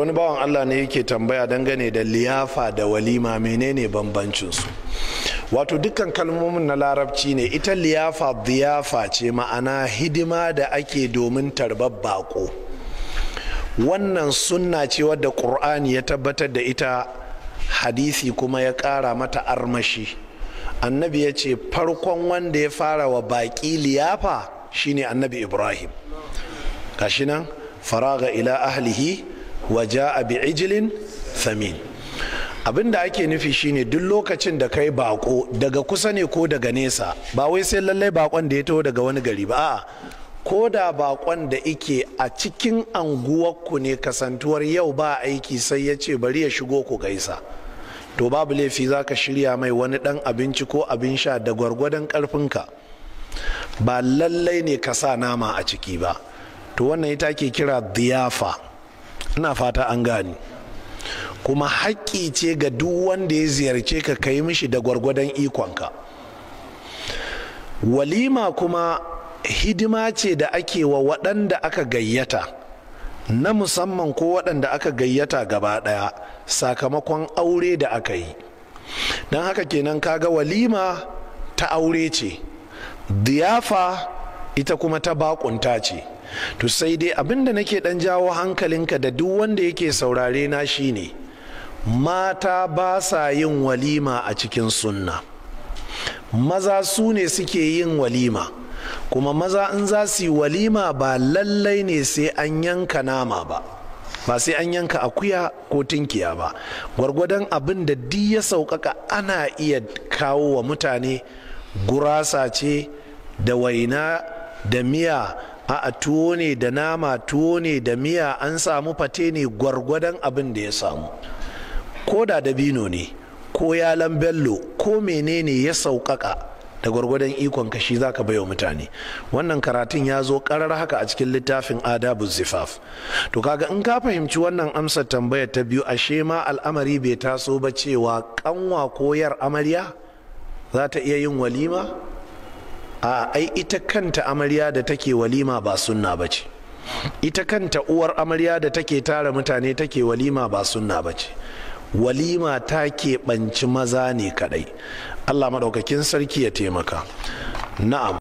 wani bawan allah ne yake tambaya dangane da liyafa da walima menene bambancinsu wato dukkan kalmomin na larabci ne ita liyafa ziyafa ce ma'ana hidima da ake domin tarbar bako wannan sunna ce wadda ƙur'ani ya tabbatar da ita hadisi kuma ya ƙara mata armashi annabi ya ce farkon wanda ya fara wa baƙi liyafa shine annabi ibrahim gashi nan faraga ila ahlihi Waje a bi ijilin? samin abin da ake nufi shine duk lokacin da kai bako daga kusa ne ko daga nesa ba wai sai lallai bakon da ya taho daga wani gari ba a'a ko da bakon da ike a cikin anguwarku ne kasantuwar yau ba aiki sai ya ce bari ya shigo ku gaisa to babu laifi za ka shirya mai wani dan abinci ko abin sha da gwargwadon ƙarfinka ba lallai ne ka sa nama a ciki ba to wannan ita ke kira diyafa ina fata an gani kuma haƙƙi ce ga duk wanda ya ziyarce ka kai mishi da gwargwadon ikonka walima kuma hidima ce da ake wa waɗanda aka gayyata na musamman ko waɗanda aka gayyata gaba ɗaya sakamakon aure da aka yi don haka kenan kaga walima ta aure ce diyafa ita kuma ta bakunta ce to sai dai abin da nake dan jawo hankalinka da duk wanda yake saurare na shine mata ba sa yin walima a cikin sunna maza su ne suke yin walima kuma maza in za su yi walima ba lallai ne sai an yanka nama ba ba sai an yanka akuya ko tunkiya ba gwargwadon abin da duk ya sauƙaƙa ana iya kawo wa mutane gurasa ce da waina da miya a tuwo ne da nama tuwo ne da miya an samu fate ne gwargwadon abin da ya samu ko da dabino ne ko yalan bello ko menene ya sauƙaƙa da gwargwadon ikon ka za ka baiwa mutane wannan karatun ya zo karar haka a cikin littafin adabu zifaf to kaga in ka fahimci wannan amsar tambayar ta biyu ashe ma al'amari bai taso ba cewa kanwa ko yar amarya za ta iya yin walima a ai ita kanta amarya da take walima ba sunna ba ce ita kanta uwar amarya da take tara mutane take walima ba sunna ba ce walima ta keɓanci maza ne kaɗai allah maɗaukakin sarki ya taimaka na'am